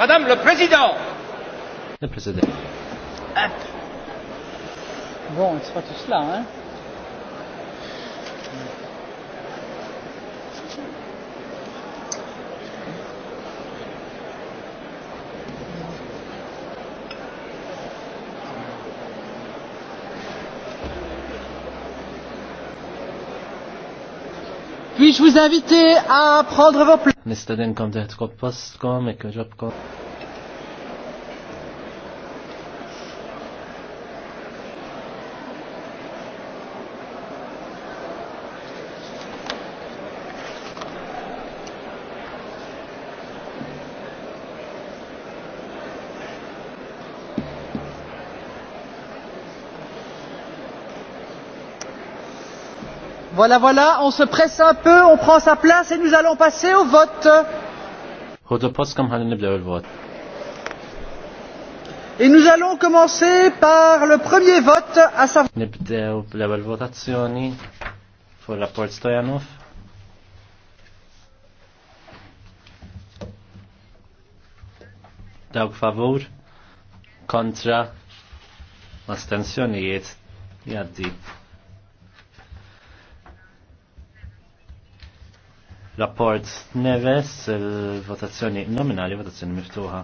Madame le Président. Le Président. Euh. Bon, c'est pas tout cela, hein Puis-je vous inviter à prendre vos places Nistedinkom teħtkom postkom, ikkeġobkom. Voilà, voilà, on se presse un peu, on prend sa place et nous allons passer au vote. Et nous allons commencer par le premier vote à sa... Dawk favur, kontra, astensjonijiet, jaddi. Rapport Neves, votazzjoni nominali, votazzjoni miftuħa.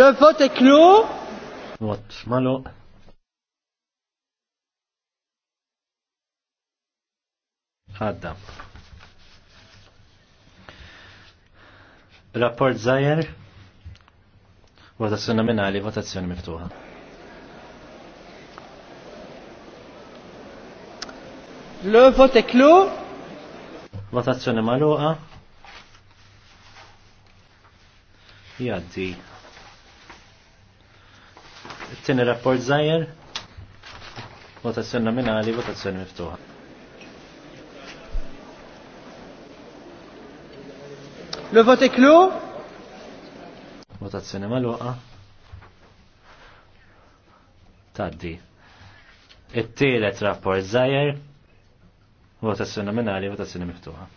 Le vote est clos. Vot malo. Għadda. Rapport Zajer. Votazzjoni nominali, votazzjoni miftuħa. Le vote est clos. Votazzjoni maluqa. Jaddi. It-tieni rapport zaħir. Votazzjoni nominali, votazzjoni miftuħa. Le vote est clos. Votazzjoni maluqa. Taddi. It-tielet rapport zaħir. Votazzjoni nominali, votazzjoni miftuħa.